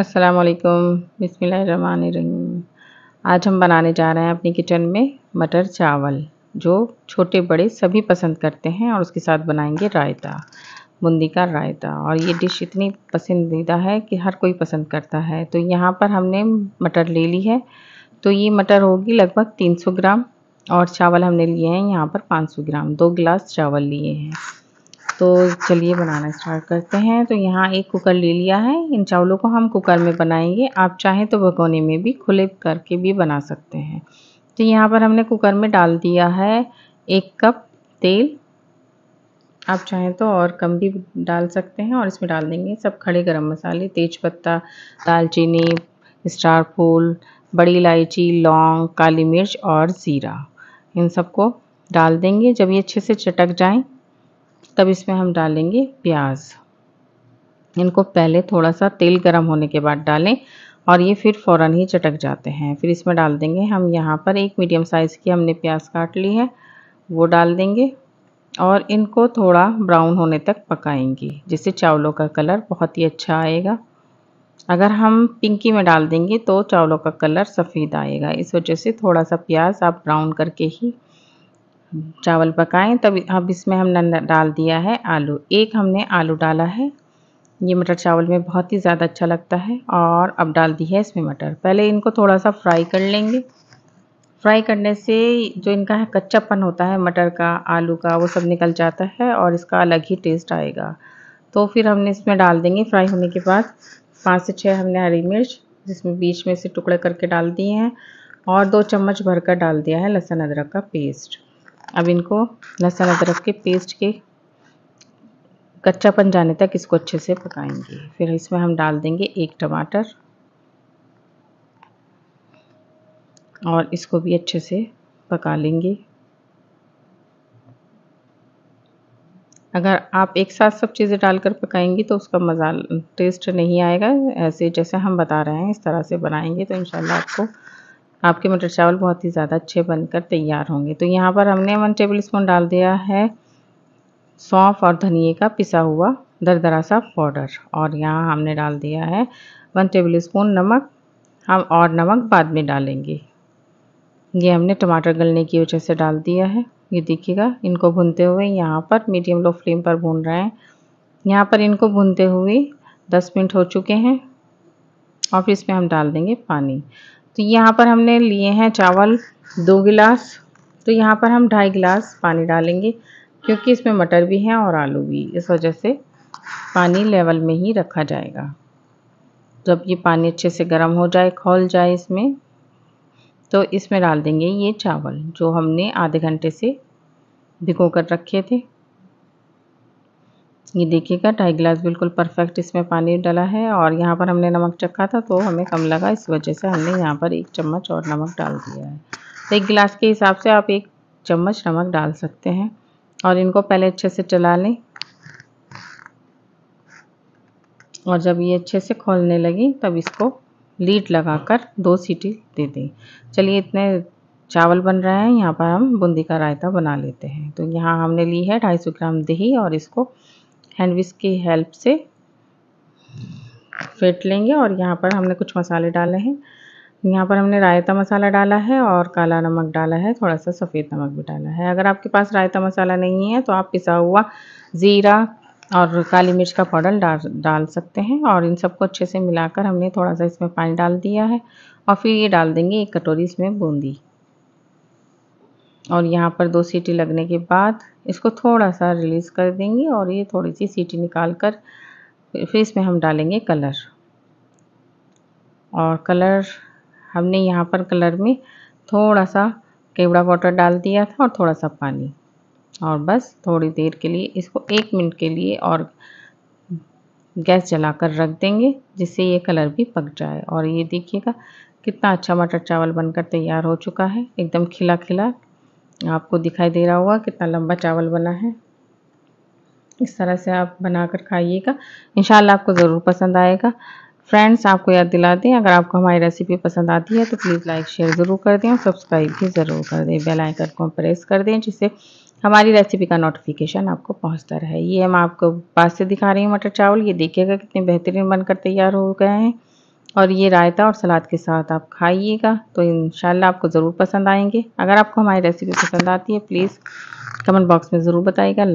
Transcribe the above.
अस्सलाम बिस्मिल आज हम बनाने जा रहे हैं अपनी किचन में मटर चावल जो छोटे बड़े सभी पसंद करते हैं और उसके साथ बनाएंगे रायता बूंदी का रायता और ये डिश इतनी पसंदीदा है कि हर कोई पसंद करता है तो यहाँ पर हमने मटर ले ली है तो ये मटर होगी लगभग 300 ग्राम और चावल हमने लिए हैं यहाँ पर 500 ग्राम दो गिलास चावल लिए हैं तो चलिए बनाना स्टार्ट करते हैं तो यहाँ एक कुकर ले लिया है इन चावलों को हम कुकर में बनाएंगे आप चाहें तो भगोने में भी खुले करके भी बना सकते हैं तो यहाँ पर हमने कुकर में डाल दिया है एक कप तेल आप चाहें तो और कम भी डाल सकते हैं और इसमें डाल देंगे सब खड़े गरम मसाले तेज़पत्ता दालचीनी स्टार फूल बड़ी इलायची लौंग काली मिर्च और ज़ीरा इन सबको डाल देंगे जब ये अच्छे से चटक जाएं तब इसमें हम डालेंगे प्याज इनको पहले थोड़ा सा तेल गर्म होने के बाद डालें और ये फिर फ़ौरन ही चटक जाते हैं फिर इसमें डाल देंगे हम यहाँ पर एक मीडियम साइज़ की हमने प्याज काट ली है वो डाल देंगे और इनको थोड़ा ब्राउन होने तक पकाएंगे जिससे चावलों का कलर बहुत ही अच्छा आएगा अगर हम पिंकी में डाल देंगे तो चावलों का कलर सफ़ेद आएगा इस वजह से थोड़ा सा प्याज आप ब्राउन करके ही चावल पकाएं तब अब इसमें हमने डाल दिया है आलू एक हमने आलू डाला है ये मटर चावल में बहुत ही ज़्यादा अच्छा लगता है और अब डाल दी है इसमें मटर पहले इनको थोड़ा सा फ्राई कर लेंगे फ्राई करने से जो इनका है कच्चापन होता है मटर का आलू का वो सब निकल जाता है और इसका अलग ही टेस्ट आएगा तो फिर हमने इसमें डाल देंगे फ्राई होने के बाद पाँच से छः हमने हरी मिर्च जिसमें बीच में से टुकड़े करके डाल दिए हैं और दो चम्मच भरकर डाल दिया है लहसुन अदरक का पेस्ट अब इनको लहसुन अदरक के पेस्ट के कच्चापन जाने तक इसको अच्छे से पकाएंगे फिर इसमें हम डाल देंगे एक टमाटर और इसको भी अच्छे से पका लेंगे अगर आप एक साथ सब चीज़ें डालकर पकाएंगे तो उसका मज़ा टेस्ट नहीं आएगा ऐसे जैसे हम बता रहे हैं इस तरह से बनाएंगे तो इन आपको आपके मटर चावल बहुत ही ज़्यादा अच्छे बनकर तैयार होंगे तो यहाँ पर हमने वन टेबल स्पून डाल दिया है सौंफ और धनिए का पिसा हुआ दरदरा सा पाउडर और यहाँ हमने डाल दिया है वन टेबल स्पून नमक हम और नमक बाद में डालेंगे ये हमने टमाटर गलने की वजह से डाल दिया है ये देखिएगा इनको भूनते हुए यहाँ पर मीडियम लो फ्लेम पर भून रहे हैं यहाँ पर इनको भूनते हुए दस मिनट हो चुके हैं और फिर इसमें हम डाल देंगे पानी तो यहाँ पर हमने लिए हैं चावल दो गिलास तो यहाँ पर हम ढाई गिलास पानी डालेंगे क्योंकि इसमें मटर भी हैं और आलू भी इस वजह से पानी लेवल में ही रखा जाएगा जब ये पानी अच्छे से गर्म हो जाए खोल जाए इसमें तो इसमें डाल देंगे ये चावल जो हमने आधे घंटे से भिगो कर रखे थे ये देखिएगा ढाई गिलास बिल्कुल परफेक्ट इसमें पानी डला है और यहाँ पर हमने नमक चखा था तो हमें कम लगा इस वजह से हमने यहाँ पर एक चम्मच और नमक डाल दिया है तो एक गिलास के हिसाब से आप एक चम्मच नमक डाल सकते हैं और इनको पहले अच्छे से चला लें और जब ये अच्छे से खोलने लगी तब इसको लीड लगाकर दो सीटी दे दें चलिए इतने चावल बन रहे हैं यहाँ पर हम बूंदी का रायता बना लेते हैं तो यहाँ हमने ली है सौ ग्राम दही और इसको हैंडविच की हेल्प से फेंट लेंगे और यहाँ पर हमने कुछ मसाले डाले हैं यहाँ पर हमने रायता मसाला डाला है और काला नमक डाला है थोड़ा सा सफ़ेद नमक भी डाला है अगर आपके पास रायता मसाला नहीं है तो आप पिसा हुआ ज़ीरा और काली मिर्च का पाउडर डाल डाल सकते हैं और इन सबको अच्छे से मिलाकर हमने थोड़ा सा इसमें पानी डाल दिया है और फिर ये डाल देंगे एक कटोरी इसमें बूंदी और यहाँ पर दो सीटी लगने के बाद इसको थोड़ा सा रिलीज़ कर देंगे और ये थोड़ी सी सीटी निकाल कर फिर इसमें हम डालेंगे कलर और कलर हमने यहाँ पर कलर में थोड़ा सा केवड़ा वाटर डाल दिया था और थोड़ा सा पानी और बस थोड़ी देर के लिए इसको एक मिनट के लिए और गैस जलाकर रख देंगे जिससे ये कलर भी पक जाए और ये देखिएगा कितना अच्छा मटर चावल बनकर तैयार हो चुका है एकदम खिला खिला आपको दिखाई दे रहा होगा कितना लंबा चावल बना है इस तरह से आप बना कर खाइएगा इन आपको ज़रूर पसंद आएगा फ्रेंड्स आपको याद दिला दें अगर आपको हमारी रेसिपी पसंद आती है तो प्लीज़ लाइक शेयर ज़रूर कर दें और सब्सक्राइब भी ज़रूर कर दें बेल आइकन को प्रेस कर दें जिससे हमारी रेसिपी का नोटिफिकेशन आपको पहुंचता रहे ये हम आपको पास से दिखा रही हूँ मटर चावल ये देखिएगा कितने बेहतरीन बनकर तैयार हो गए हैं और ये रायता और सलाद के साथ आप खाइएगा तो इन आपको ज़रूर पसंद आएंगे अगर आपको हमारी रेसिपी पसंद आती है प्लीज़ कमेंट बॉक्स में ज़रूर बताइएगा